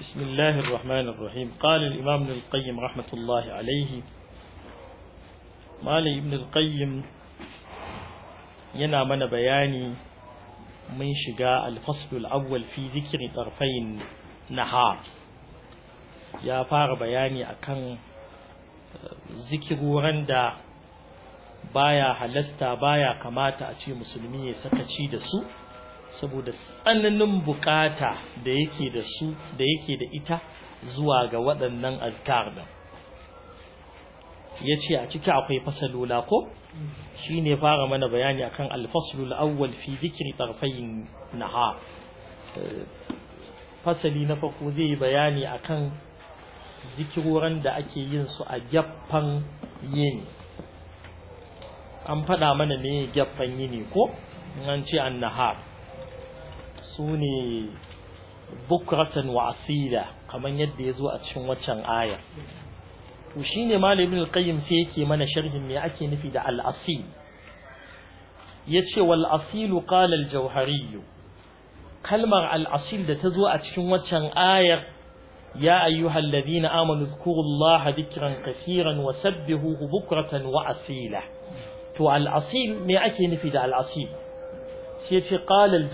بسم الله الرحمن الرحيم قال الإمام ابن القيم رحمة الله عليه مالي ابن القيم ينامن بياني من شقاء الفصل الأول في ذكر طرفين نهار يا فار بياني أكن ذكر ورندا baya halasta baya kamata a ce musulmi ya sakaci da su saboda tsananin bukata da yake da su da yake da ita zuwa ga waɗannan azkar da Ya ce a ciki akwai fasalola ko Shi ne fara mana bayani akan al-faslu al-awwal fi dhikri fasali na farko zai yi bayani akan zikiroran da ake yin su a gyaffan yini an faɗa mana me gyaffan yini ko an ce nahar? su ne bukratan wa asila kamar yadda ya zo a cikin waccan aya to shine malam al-qayyim sai yake mana sharhin me ake nufi da al'asil Ya yace wal asilu qala al kalmar al-asil da ta zo a cikin waccan ayar ya ayyuhal ladina amanu dhkurullaha dhikran kaseeran wasabbihuhu bukratan wa asila to al'asil me ake nufi da al'asil sai ce qala al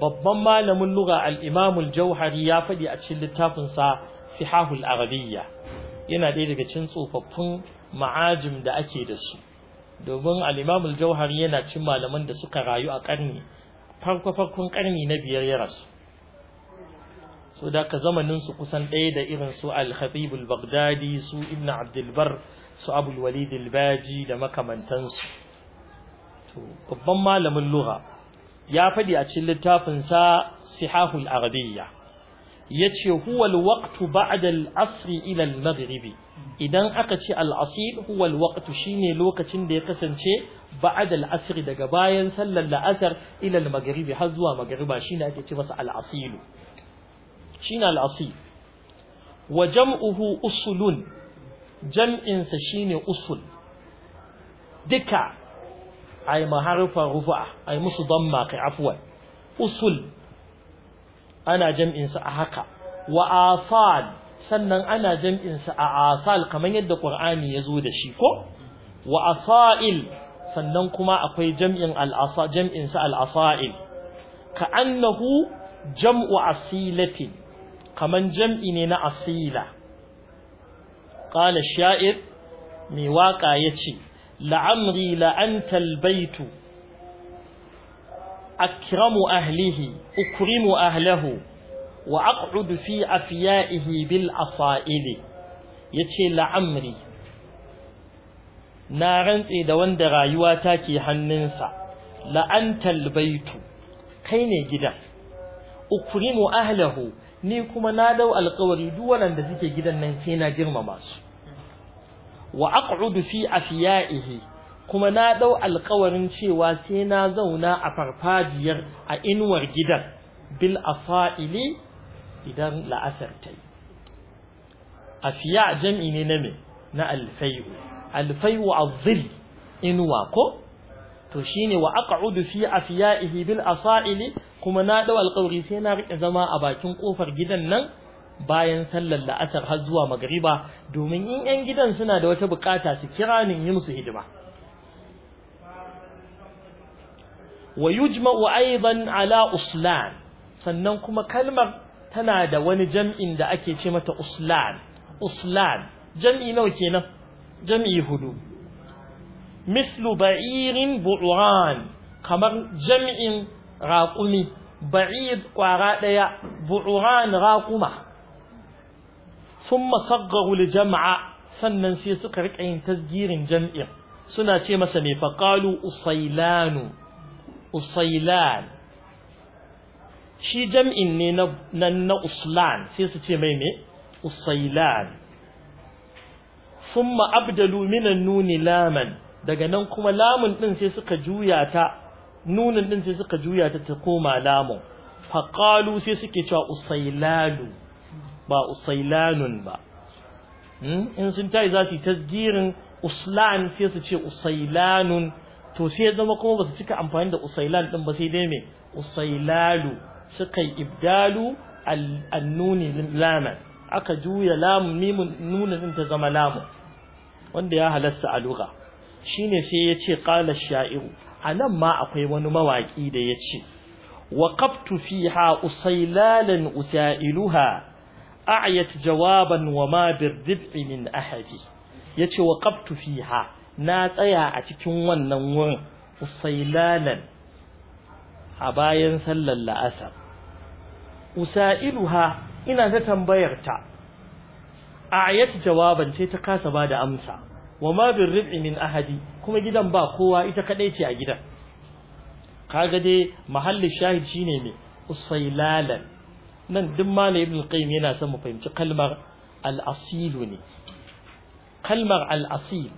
babban malamin lugha al-imam al-jauhari ya faɗi a cikin littafin sa sihahul arabiyya yana ɗaya daga cikin tsofaffin ma'ajim da ake da su domin al-imam al-jauhari yana cikin malaman da suka rayu a karni farko farkon karni na biyar ya rasu so da ka zamanin su kusan ɗaya da irin su al-khatib al-baghdadi su ibn al bar su abul walid al-baji da makamantansu to babban malamin lugha ya fadi a cikin littafin sa sihahul arabiyya yace huwa al-waqtu ba'da al-asr ila al-maghrib idan aka ce al-asir huwa al-waqtu shine lokacin da ya kasance ba'da al-asr daga bayan sallar la'asar ila al-maghrib har zuwa maghriba shine ake ce masa al-asil shine al-asil wa jam'uhu usulun jam'insa shine usul duka ai maharufa rufa ai musu zamma kai afwan usul ana jam'insa a haka wa asal sannan ana jam'insa a asal kamar yadda ƙur'ani ya zo da shi ko wa asail sannan kuma akwai jam'insa al'asail ka annahu jam'u asilatin kaman jam'i ne na asila Ƙala sha'ir mai waka yace la'amri la'antal baitu akramu ahlihi ukrimu ahlahu wa aq'udu fi afya'ihi bil Ya yace la'amri na rantse da wanda rayuwa ta ke hannunsa la'antal baitu kai ne gida? ukrimu ahlahu ni kuma na dau alƙawari duk waɗanda suke gidan nan sai na girmama su wa aq'udu fi afiyaihi kuma na dau alƙawarin cewa sai na zauna a farfajiyar a inuwar gidan bil asaili idan la'asar ta yi afiya jam'i ne na me na alfayu alfayu azzil inuwa ko to shine wa aq'udu fi afiyaihi bil asaili kuma na dau alƙawari sai na riƙe zama a bakin ƙofar gidan nan bayan sallar la'asar har zuwa magariba domin in yan gidan suna da wata bukata su kira ni yi musu hidima wa yujma'u aidan ala uslan sannan kuma kalmar tana da wani jam'in da ake ce mata uslan uslan jam'i nawa kenan jam'i hudu mislu ba'irin bu'ran kamar jam'in raƙumi ba'id ƙwara ɗaya bu'uran raƙuma sun masaggaru li jama'a sannan sai suka riƙa yin tasgirin jam'i. suna ce masa ne faƙalu usailanu usailan shi jam'in ne na na uslan sai su ce mai me usailan summa abdalu minan nuni laman daga nan kuma lamun ɗin sai suka juya ta nunin din sai suka juya ta ta koma Lamu, faƙalu sai suke cewa usailalu ba usailanun ba hmm? in sun tayi za su yi tasgirin uslan sai su ce usailanun to sai ya zama kuma ba su cika amfani da usailan din ba sai dai me usailalu suka yi ibdalu annuni laman aka juya lamun mimun nunin din ta zama lamun wanda ya halasta a lugha shine sai ya ce ƙala sha'iru a nan ma akwai wani mawaƙi da ya ce waƙaftu fiha usailalan usailuha a'yat jawaban wa ma birdib'i min ahadi ya ce waƙaftu fiha na tsaya a cikin wannan wurin usailalan a bayan sallar la'asar usailuha ina ta tambayarta a'yat jawaban sai ta kasa ba da amsa wa ma rib'i min ahadi kuma gidan ba kowa ita kadai ce a gidan kaga dai mahallin shahid shine me usailalan nan duk malam ibn qayyim yana son mu fahimci kalmar al-asil ne kalmar al-asil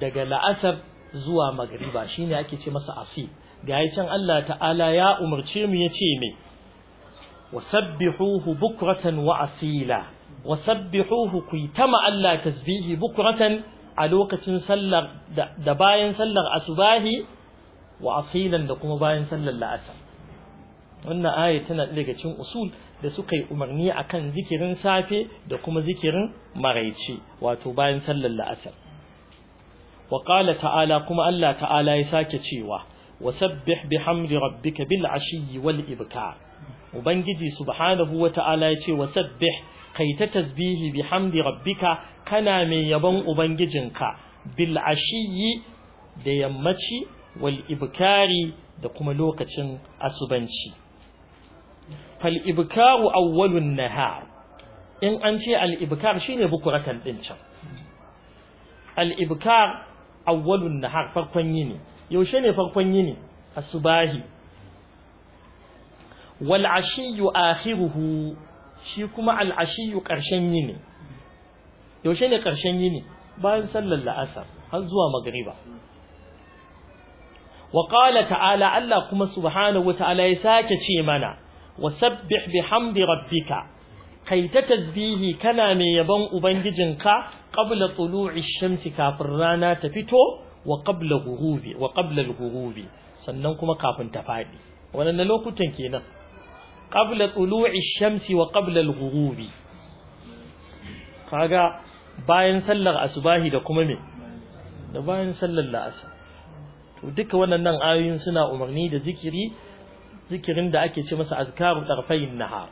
daga la'asar zuwa magriba shine ake ce masa asil ga can Allah ta'ala ya umarce mu yace me wasabbihuhu bukratan wa asila wa sabbihuhu ku yi ta Allah tasbihi bukuratan a lokacin sallar da bayan sallar asubahi wa asilan da kuma bayan sallar la'asar wannan aya tana daga cikin usul da suka yi umarni akan zikirin safe da kuma zikirin maraice wato bayan sallar la'asar wa qala ta'ala kuma Allah ta'ala ya sake cewa wasabbih bihamdi rabbika bil ashiyyi wal ibkar ubangiji subhanahu wa ta'ala ya ce wasabbih kai ta tasbihi hamdi rabbika kana mai yabon ubangijinka bil ashiyi da yammaci wal ibkari da kuma lokacin asubanci fal ibkaru awwalun nahar in an ce al ibkar shine bukuratan din can al ibkar awwalun nahar farkon yini yaushe ne farkon yini asubahi wal ashiyu akhiruhu shi kuma al'ashiyu ƙarshen yini yaushe ne ƙarshen yini bayan sallar la'asar har zuwa magariba. wa ta'ala Allah kuma subhanahu wata'ala ya sake ce mana wasabbih hamdi rabbika kai ta tasbihi kana mai yaban ubangijinka qabla tulu'i shamsi kafin rana ta fito wa qabla ghurubi wa qabla al-ghurubi sannan kuma kafin ta fadi wannan lokutan kenan qabla tulu'i shamsi wa qabla al-ghurubi kaga bayan sallar asubahi da kuma me da bayan sallar la'asar to duka waɗannan ayoyin suna umarni da zikiri zikirin da ake ce masa azkaru tarfayin nahar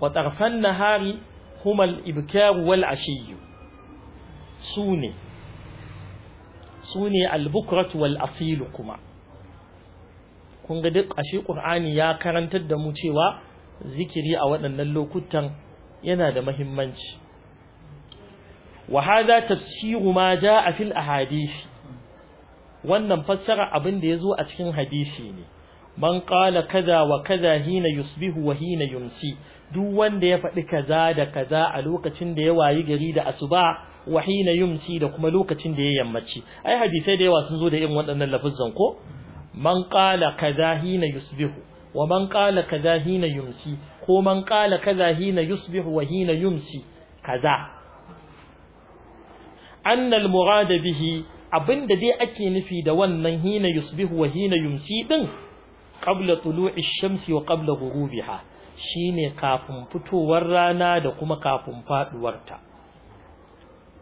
wa tarfan nahari huma al-ibkar wal ashiy sune sune al-bukratu wal asilu kuma kun ga duk ashe Qur'ani ya karantar da mu cewa zikiri a waɗannan lokutan yana da muhimmanci wa hada tafsiru ma jaa fil ahadith wannan fassara abin da yazo a cikin hadisi ne man qala kaza wa kaza hina yusbihu wa hina yumsi duk wanda ya faɗi kaza da kaza a lokacin da ya wayi gari da asuba wa hina yumsi da kuma lokacin da ya yammaci ai hadisai da yawa sun zo da irin waɗannan lafuzan ko man qala kaza hina yusbihu wa man qala kaza hina yumsi ko man qala kaza hina yusbihu wa hina yumsi kaza anna al murada bihi abinda dai ake nufi da wannan hina yusbihu wa hina yumsi din qabla tulu'i shamsi wa qabla ghurubiha shine kafin fitowar rana da kuma kafin faduwarta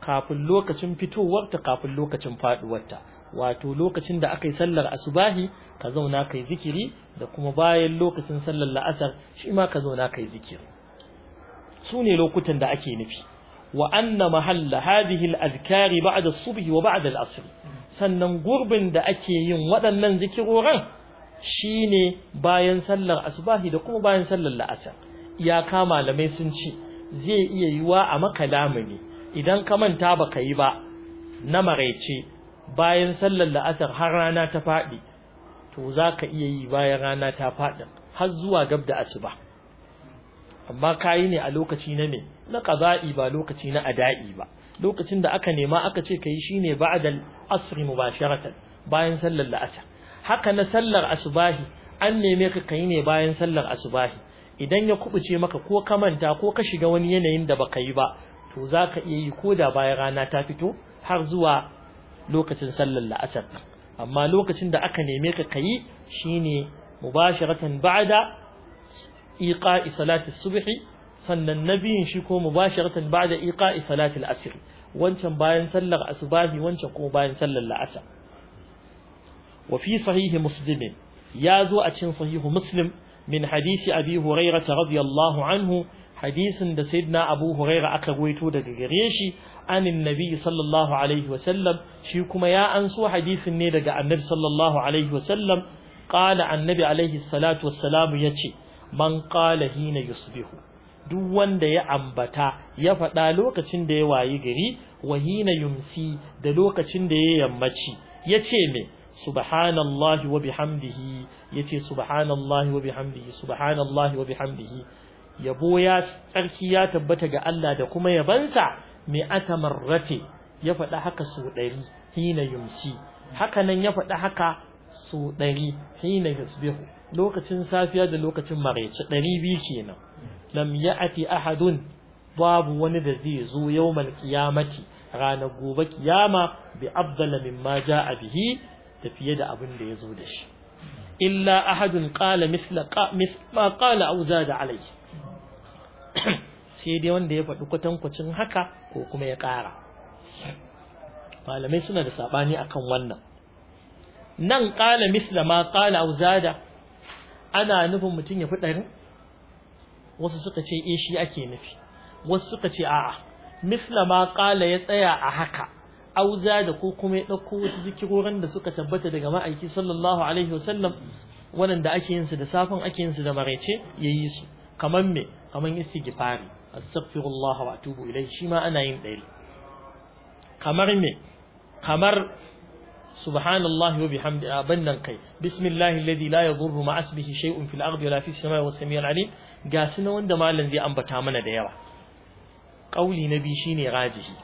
kafin lokacin fitowarta kafin lokacin faduwarta wato lokacin da aka yi sallar asubahi ka zauna kai zikiri da kuma bayan lokacin sallar la'asar shi ma ka zauna kai zikiri su ne lokutan da ake nufi wa anna mahalla hadhihi al-adhkari ba'da as wa ba'da da asr sannan gurbin da ake yin waɗannan zikiroran shine bayan sallar asubahi da kuma bayan sallar la'asar iyaka malamai sun ce zai iya yiwa a maka lamuni idan ka manta baka yi ba na maraice bayan sallar la'asar har rana ta faɗi to za ka iya yi bayan rana ta faɗi har zuwa gab da asuba amma kayi ne a lokaci na me na qada'i ba lokaci na ada'i ba lokacin da aka nema aka ce kai shine ba'dal asri mubasharatan bayan sallar la'asar haka na sallar asubahi an neme ka ka yi ne bayan sallar asubahi idan ya kubuce maka ko ka manta ko ka shiga wani yanayin da baka yi ba to za ka iya yi ko da bayan rana ta fito har zuwa lokacin sallar la'asar amma lokacin da aka neme ka kayi shine mubashiratan ba'da iqa'i salati subhi sannan nabiyin shi ko mubashiratan ba'da iqa'i salati al-asr wancan bayan sallar asubahi wancan kuma bayan sallar la'asar wa fi sahihi muslim ya zo a cikin sahihu muslim min hadisi abi hurairah radiyallahu anhu hadisin da sayyidina Abu Huraira aka gwaito daga gare shi anin nabi sallallahu alaihi wasallam shi kuma ya anso hadisin ne daga annabi sallallahu alaihi wasallam qala annabi alaihi salatu wassalamu yace man qala hina yusbihu duk wanda ya ambata ya faɗa lokacin da ya wayi gari wa hina yumsi da lokacin da ya yammaci yace me subhanallahi wa bihamdihi yace subhanallahi wa bihamdihi subhanallahi wa bihamdihi yabo ya tsarki ya tabbata ga Allah da kuma yabansa mai atamarrati ya faɗa haka su ɗari hina yumsi haka nan ya faɗa haka su ɗari hina yusbihu lokacin safiya da lokacin maraice ɗari biyu kenan lam ati ahadun babu wani da zai zo yawmal qiyamati ranar gobe kiyama bi min mimma ja'a bihi da fiye da abin da ya zo da shi illa ahadun qala mithla qala qala aw zada alayhi sai dai wanda ya faɗi kwatankwacin haka ko kuma ya ƙara malamai suna da saɓani akan wannan nan ƙala misla ma ƙala auzada ana nufin mutum ya fi ɗari wasu suka ce e shi ake nufi wasu suka ce a'a misla ma ƙala ya tsaya a haka auza da ko kuma ya ɗauko wasu zikirorin da suka tabbata daga ma'aiki sallallahu alaihi wasallam waɗanda ake yin su da safin ake yin su da maraice ya yi su kamar me kamar istighfari astaghfirullah wa atubu ilai shi ma ana yin ɗaya kamar me kamar subhanallah wa bihamdi abin nan kai bismillahi alladhi la yadurru ma asbihi shay'un fil ardi wala fis samai was samiul alim ga su wanda malam zai ambata mana da yawa kauli na bi shine rajihi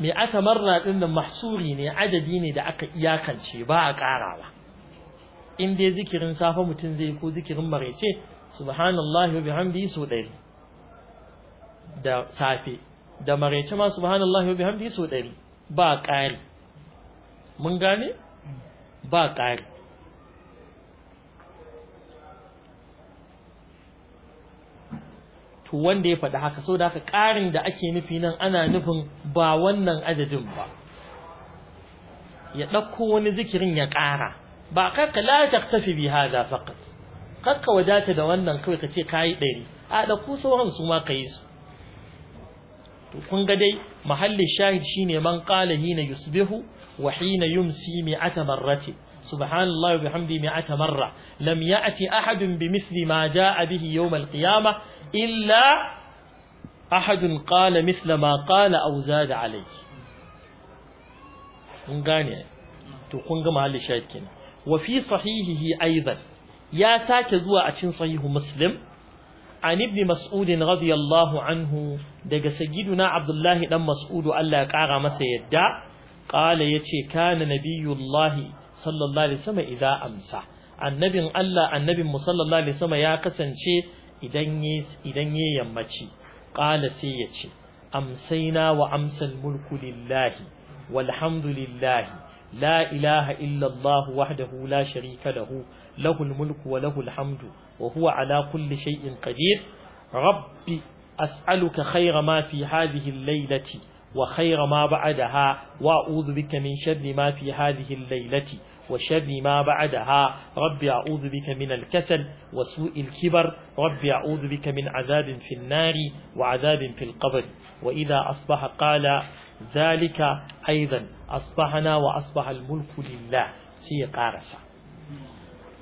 me aka marra din nan mahsuri ne adadi ne da aka iyakance ba a karawa in dai zikirin safa mutum zai ko zikirin maraice subhanallahi wa bihamdihi su ɗari da safe da maraice ma subhanallahi wa bihamdihi su ɗari ba ƙari mun gane ba ƙari to wanda ya faɗi haka da haka ƙarin da ake nufi nan ana nufin ba wannan adadin ba ya ɗauko wani zikirin ya ƙara ba kaka la taktafi bi hada faqat kakka wadata da wannan kawai ka ce kayi ɗari a ɗauko sauran su ma ka yi su to kun ga dai mahallin shahid shine man qala hina yusbihu wa hina yumsi mi'ata marrati subhanallahi wa bihamdi mi'ata marra lam ya'ti ahadun bimithli ma ja'a bihi yawm alqiyamah illa ahadun qala mithla ma qala aw zada alayhi kun gane to kun ga mahallin shahid kenan wa fi sahihihi aidan ya sake zuwa a cin sahihu muslim an ibn mas'ud radiyallahu anhu daga sayyiduna abdullahi dan mas'ud Allah ya kara masa yadda qala yace kana nabiyullahi sallallahu alaihi wasallam idza amsa annabin Allah annabin mu sallallahu alaihi wasallam ya kasance idan yi idan yi yammaci qala sai yace amsayna wa amsal mulku lillahi walhamdulillahi la ilaha illa Allah wahdahu la sharika lahu له الملك وله الحمد وهو على كل شيء قدير ربي أسألك خير ما في هذه الليلة وخير ما بعدها وأعوذ بك من شر ما في هذه الليلة وشر ما بعدها ربي أعوذ بك من الكسل وسوء الكبر ربي أعوذ بك من عذاب في النار وعذاب في القبر وإذا أصبح قال ذلك أيضا أصبحنا وأصبح الملك لله سي قارسة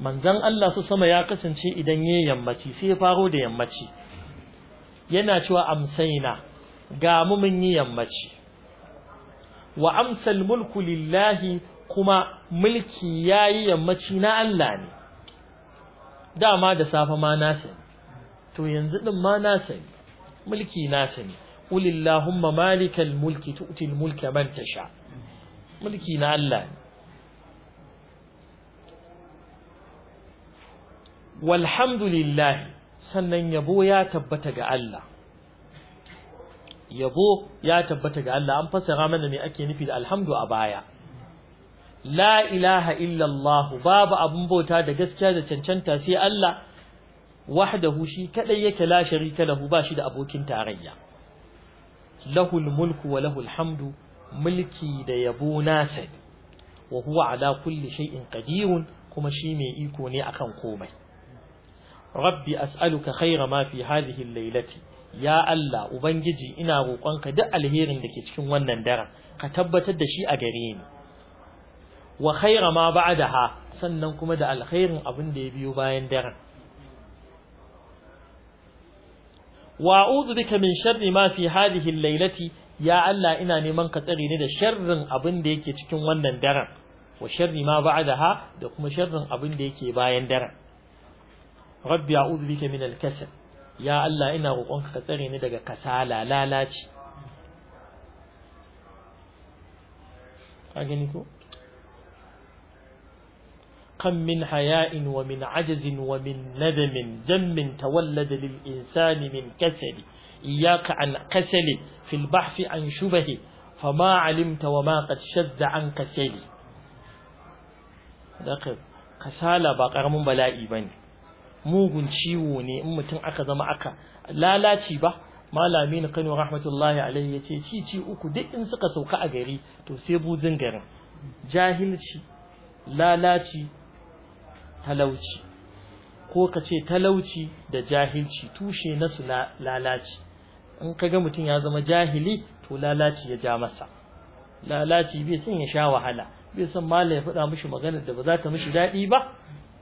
manzan Allah su sama ya kasance idan yayi yammaci sai ya faro da yammaci yana cewa amsaina ga mu mun yi yammaci wa amsal mulku lillahi kuma mulki yayi yammaci na Allah ne dama da safa ma na sani to yanzu din ma na sani mulki na sani qul malikal mulki tu'til mulka man tasha mulki na Allah ne walhamdulillah sannan yabo ya tabbata ga Allah yabo ya tabbata ga Allah an fassara mana me ake nufi da alhamdu a baya la ilaha illallah babu abun bauta da gaskiya da cancanta sai Allah wahdahu shi kadai yake la sharika lahu ba shi da abokin tarayya lahul mulku wa lahul hamdu mulki da yabo nasa wa huwa ala kulli shay'in qadirun kuma shi mai iko ne akan komai rabbi as'aluka khayra ma fi hadhihi al-lailati ya Allah ubangiji ina roƙonka duk alherin da ke cikin wannan daren ka tabbatar da shi a gare ni wa khayra ma ba'daha sannan kuma da alkhairin abin da ya biyo bayan daren wa a'udhu bika min sharri ma fi hadhihi al-lailati ya Allah ina neman ka tsare ni da sharrin abin da yake cikin wannan daren wa sharri ma ba'daha da kuma sharrin abin da yake bayan daren rabbi a'udhu bika min al ya Allah ina roƙonka ka tsare ni daga kasala lalaci agani ko kam min haya'in wa min ajazin wa min nadamin jammin tawallada lil insani min kasali iyaka an kasali fil bahfi an shubahi fama alimta wa ma qad shadda an kasali kasala ba karamin bala'i bane mugun ciwo ne in mutum aka zama aka lalaci ba malami na kano rahmatullahi alaihi ya ce cici uku duk in suka sauka a gari to sai buzin garin jahilci lalaci talauci ko ka ce talauci da jahilci tushe na su lalaci in ka ga mutum ya zama jahili to lalaci ya ja masa lalaci bai son ya sha wahala bai san mala ya faɗa mishi maganar da ba za ta mishi daɗi ba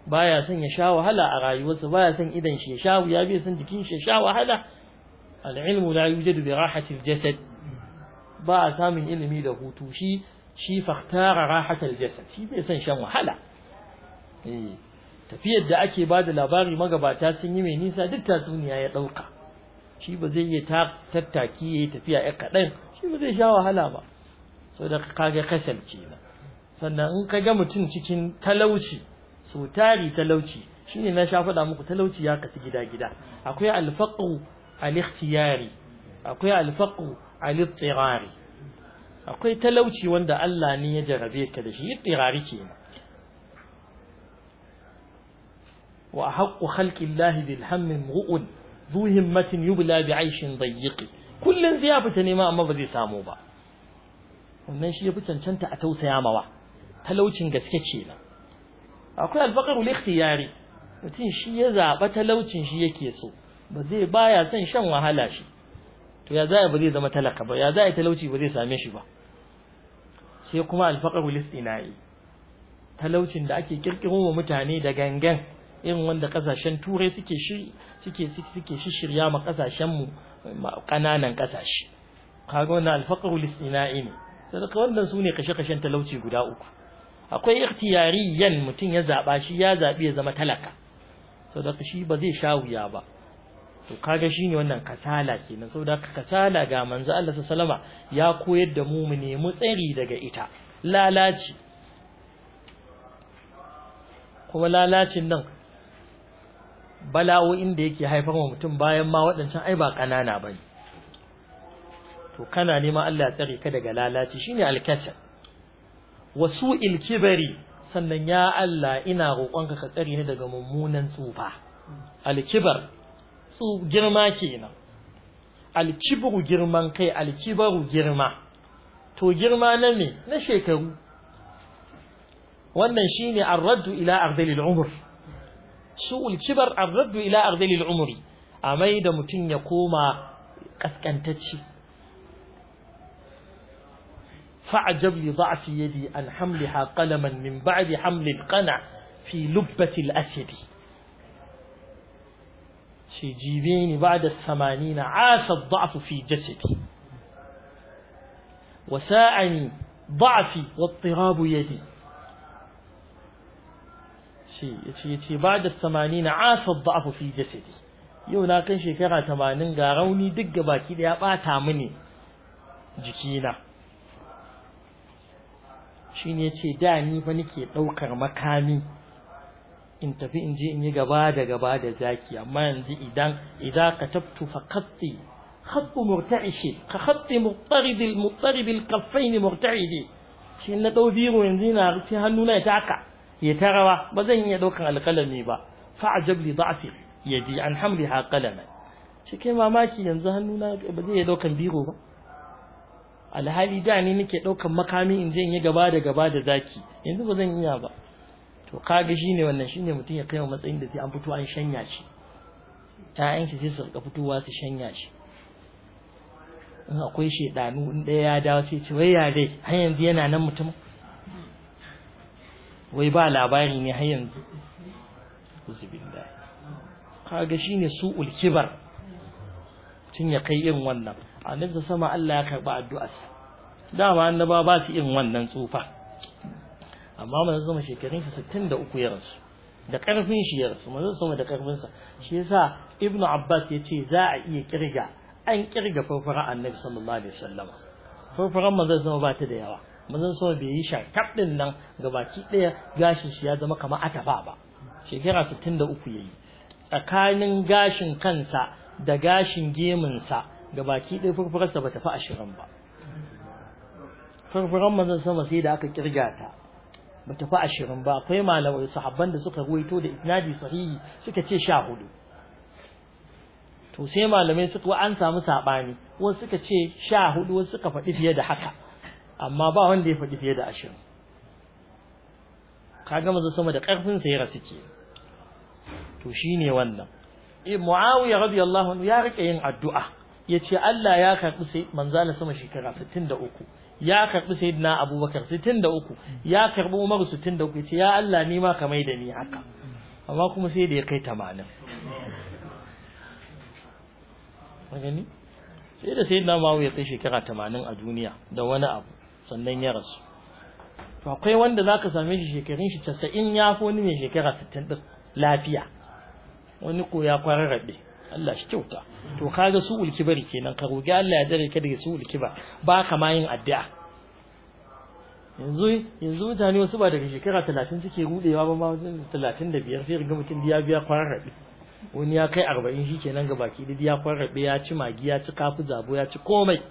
baya son ya sha wahala a rayuwarsa baya son idan shi ya sha ya bai son jikin shi ya sha wahala Al'ilmu la yujadu bi rahati jasad ba a samun ilimi da hutu shi shi fahtara jasad shi bai son shan wahala eh tafiyar da ake ba da labari magabata sun yi mai nisa duk tatsuniya ya ɗauka shi ba zai yi tattaki ya yi tafiya ya kaɗan shi ba zai sha wahala ba sau da kaga kasance sannan in ka ga mutum cikin talauci so tari talauci shine na sha faɗa muku talauci ya kasu gida gida akwai alfaqu al-ikhtiyari akwai alfaqu al-ittirari akwai talauci wanda Allah ne ya jarabe ka da shi ittirari kenan wa haqqu khalqi Allah bil hammi mu'un zu himmatin yubla bi 'aishin dayyiqi kullun zai ta nema amma ba zai samu ba wannan shi ya fi cancanta a tausaya mawa talaucin gaske kenan akwai alfaqarul ikhtiyari mutum shi ya zaba talaucin shi yake so ba zai baya son shan wahala shi to ya zai ba zai zama talaka ba ya zai talauci ba zai same shi ba sai kuma alfaqarul istinai talaucin da ake kirkiro wa mutane da gangan irin wanda kasashen turai suke shi suke suke shirya ma kasashen mu kananan kasashe kaga wannan alfaqarul istinai ne sadaka wannan sune kashe-kashen talauci guda uku akwai ikhtiyariyan mutum ya zaba shi ya zabi ya zama talaka saboda shi ba zai sha wuya ba to kaga shine wannan kasala kenan saboda kasala ga manzo Allah sallama ya koyar da mu mu nemi tsari daga ita lalaci kuma lalacin nan bala'o'in da yake haifar wa mutum bayan ma waɗancan ai ba ƙanana bane to kana neman Allah ya tsare ka daga lalaci shine alkasal wasu ilkibari sannan ya Allah ina roƙonka ka tsare ni daga mummunan tsufa alkibar girma kenan alkibaru girman kai alkibaru girma to girma na me na shekaru wannan shine ar-raddu ila ardilil umr su'ul kibar ar-raddu ila ardilil umri amai da mutum ya koma kaskantacci فعجب لضعف يدي أن حملها قلما من بعد حمل القنع في لبة الأسد شي جيبين بعد الثمانين عاش الضعف في جسدي وساعني ضعفي واضطراب يدي شي شي بعد الثمانين عاش الضعف في جسدي يو نا كان شكرا 80 ga rauni duk gabaki da ya Shin yace da ni fa nake ɗaukar makami in tafi in je in yi gaba da gaba da zaki amma yanzu idan idan katabtu fa qatti خط مرتعش كخط مضطرب المضطرب الكفين مرتعد shi na dau biro yanzu na sai hannuna ya taka ya tarawa ba zan iya ɗaukar alƙalami ba fa ajab li da'fi yadi an hamliha qalama cikin mamaki yanzu hannuna ba zai iya ɗaukar biro ba alhali da ni nake ɗaukan makami in zan yi gaba da gaba da zaki yanzu ba zan iya ba to kaga shine wannan shine mutum ya kai wa matsayin da sai an fito an shanya shi Ta shi sai su rika fitowa su shanya shi in akwai shedanu in ɗaya ya dawo sai ce wai ya dai har yanzu yana nan mutum wai ba labari ne har yanzu kaga shine su'ul kibar tun ya kai irin wannan annabta sama Allah ya karba addu'arsa dama annaba ba su irin wannan tsufa amma manzo sama shekarun shi 63 ya rasu da karfin shi ya rasu manzo sama da karfin sa shi yasa ibnu abbas yace za a iya kirga an kirga farfara annabi sallallahu alaihi wasallam farfaran manzo sama ba ta da yawa manzo sama bai yi shakab din nan gabaki daya gashin shi ya zama kamar atafa ba shekara 63 yayi tsakanin gashin kansa da gashin geminsa ga baki ɗaya furfurarsa ba ta fi ashirin ba furfuran manzon sama sai da aka kirga ta ba ta fi ashirin ba akwai malamai sahabban da suka ruwaito da isnadi sahihi suka ce sha hudu to sai malamai suka an samu saɓani wasu suka ce sha hudu wasu suka faɗi fiye da haka amma ba wanda ya faɗi fiye da ashirin ga manzon sama da ƙarfin sa ya rasu ke to shine wannan eh, muawiya radiyallahu anhu ya rike yin addu'a yace Allah ya karbi sai manzala sama shekara 63 ya karbi sayyidina Abubakar 63 ya karbi Umar 63 yace ya Allah ni ma kamai da ni haka amma kuma sai da ya kai 80 magani sai da sayyidina Mawu ya kai shekara 80 a duniya da wani abu sannan ya rasu to akwai wanda zaka same shi shekarun shi 90 ya fi wani mai shekara 60 lafiya wani ko ya kwara Allah shi kyauta to kaga su ulkibari kenan ka roki Allah ya dare ka daga su ulkiba ba ka ma yin addu'a yanzu yanzu mutane wasu ba daga shekara 30 suke rudewa ba ma 35 sai ga mutum biya biya kwararrabe wani ya kai 40 shikenan ga baki da biya kwararrabe ya ci magi ya ci kafu zabo ya ci komai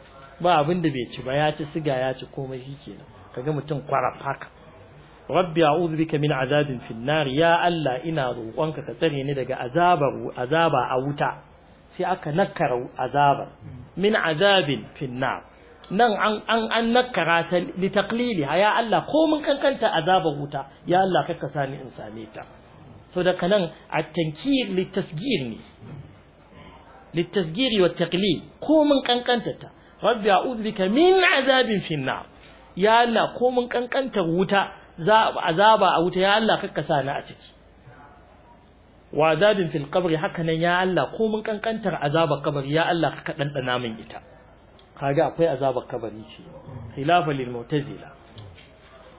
ba abin da bai ci ba ya ci siga ya ci komai shikenan kaga mutum kwaraf haka rabbi a'udhu bika min azabin finnar ya Allah ina roƙonka ka tsare ni daga azabar azaba a wuta sai aka nakara azabar min azabin finnar nan an an an nakara ta li taqliliha ya Allah ko mun kankanta azabar wuta ya Allah kakka sani in same ta so daga nan at-tankir li tasgir ne li tasgir wa taqlil ko mun kankanta ta rabbi a'udhu bika min azabin finna ya Allah ko mun kankanta wuta azaba a wuta ya Allah kakka na ni a ciki wa azabin fil qabri haka nan ya Allah ko mun kankantar azabar kabari ya Allah ka dandana min ita kaga akwai azabar kabari ce khilafa lil mu'tazila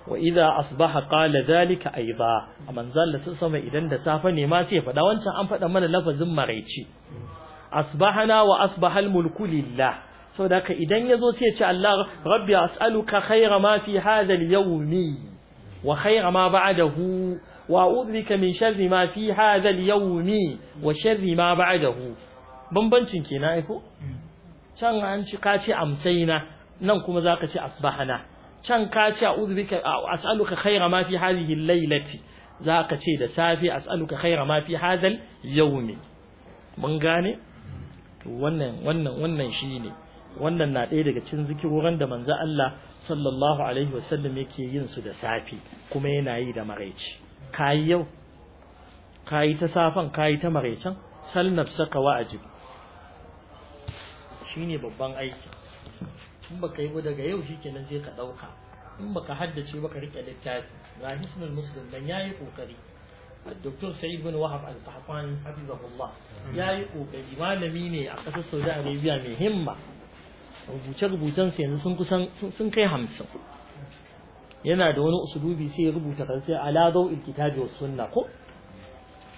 wa idza asbaha qala zalika aiba amman zalla sun sama idan da safa ne ma sai fada wancan an fada mana lafazin maraici asbahana wa asbaha al mulku lillah saboda haka idan yazo sai ya ce Allah rabbi as'aluka khayra ma fi hadha al yawmi Wa وخير ما بعده وأدرك من شر ما في هذا wa وشر ما بعده bambancin kenan aiko can an ci ka ce amsaina nan kuma zaka ce asbahana can ka ce a'udhubika as'aluka khayra ma fi hadhihi al-lailati zaka ce da safi as'aluka khayra ma fi hadha al-yawmi mun gane to wannan wannan wannan shine wannan na ɗaya daga cikin zikirorin da manzo Allah sallallahu alaihi wasallam yake yin su da safi kuma yana yi da maraici kayi yau kayi ta safan kayi ta maraicin sal nafsaka wa'ajib shine babban aiki in baka yi daga yau shikenan sai ka dauka in baka haddace baka rike littafi ga hisnul muslim dan yayi kokari الدكتور سعيد بن وهب القحطاني حفظه الله يا يقوك إمام ميني أقصى السوداء mai مهمة rubuce-rubucen sa yanzu sun kusan sun kai hamsin yana da wani usulubi sai ya rubuta kan sai ala zau kitabi was sunna ko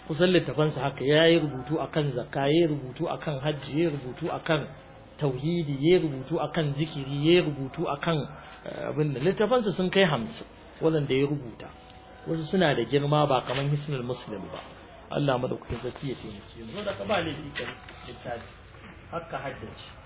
kusan littafan sa haka yayi rubutu akan zakka yayi rubutu akan hajji yayi rubutu akan tauhidi yayi rubutu akan zikiri yayi rubutu akan eh, abin da littafan sa sun kai hamsin da ya rubuta wasu suna da girma ba kaman hisnul muslim ba Allah madaukakin sarki ya taimake mu da ka ba ni kan littafi haka haddace